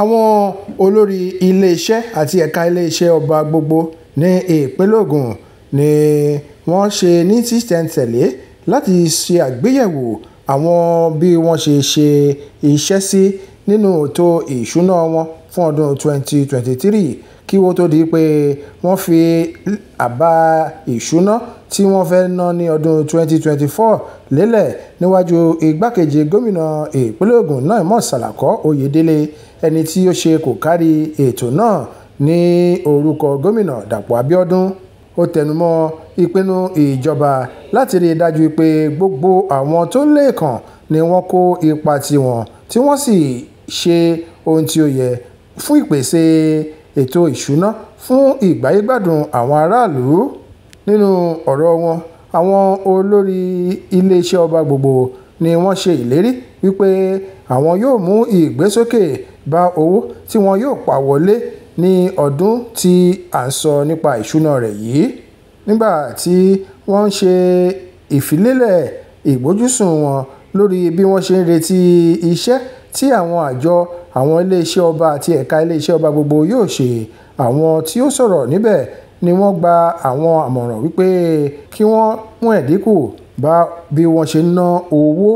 àwọn olórí iléeṣẹ́ àti ẹ̀ka iléeṣẹ́ ọba gbogbo ní ìpínlẹ̀ Ògùn ni wọ́n ṣe ní sísẹ̀ntẹ̀lé láti ṣe àgbéyẹ̀wò àwọn bí wọ́n ṣe ṣe iṣẹ́ sí nínú ètò ìṣúná wọn fún ọdún 2023 kí wọ́n tó di pé wọ́n fi àbá ìṣúná tí wọ́n fẹ́ ná ní ọdún 2024 lélẹ̀ níwájú igbákejì gómìnà ìpínlẹ̀ Ògùn náà mọ̀ sàlàkọ́ Oyèdélé ẹni tí ó ṣe kò kárí ètò náà ní orúkọ gómìnà Dàpọ̀ Abíọ́dún ó tẹnumọ́ ìpinnu ìjọba láti rí i dájú pé gbogbo àwọn tó lè kàn ni wọ́n kó ipa tiwọn tí wọ́n sì ṣe ohun tí ó yẹ fún ìpèsè ètò ìṣúná fún ìgbáyégbádùn àwọn aráàlú nínú ọ̀rọ̀ wọn àwọn olórí iléeṣẹ́ ọba gbogbo ni wọ́n ṣe ìlérí wípé àwọn yóò mú ìgbésókè bá owó tí wọn yóò pa wọlé ní ọdún tí à ń sọ nípa ìṣúná rẹ̀ yìí nígbà tí wọ́n ń ṣe ìfilélẹ̀ ìgbójúsùn wọn lórí bí wọ́n ṣe ń retí iṣẹ́ tí àwọn àjọ àwọn iléeṣẹ́ ọba àti ẹ̀ka iléeṣẹ́ ọba gbogbo yóò ṣe àwọn tí ó sọ̀rọ̀ níbẹ̀ ni wọ́n gba àwọn àmọ̀ràn wípé kí wọ́n mú ẹ̀dínkù bá bí wọ́n ṣe ń ná owó